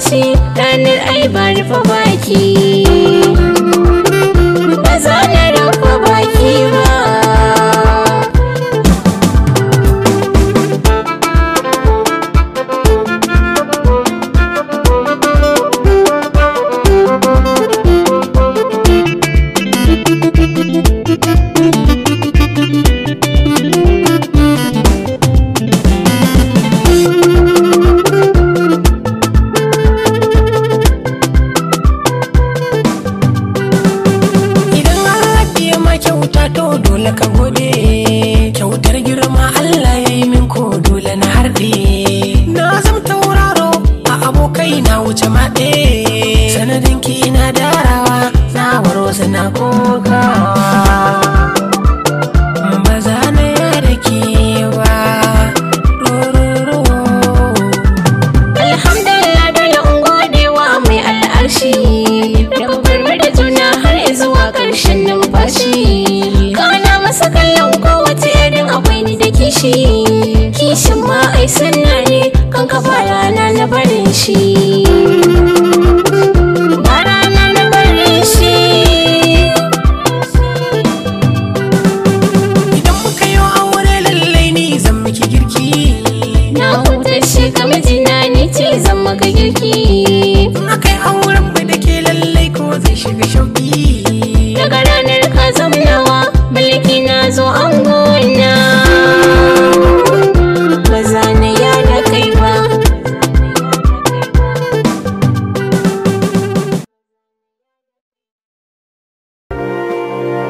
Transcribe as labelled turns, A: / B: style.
A: shi ranar ai ba rufe baki Allah ka gode kyautar girma Allah ya yi min ko dole na harbe. na zan tauraro a abokai na wuce maɗe sanadin ki na darawa na waro na koka kasa kallon kowace irin akwai ni da kishi kishin ma ai sanna ne kan kafa rana na barin shi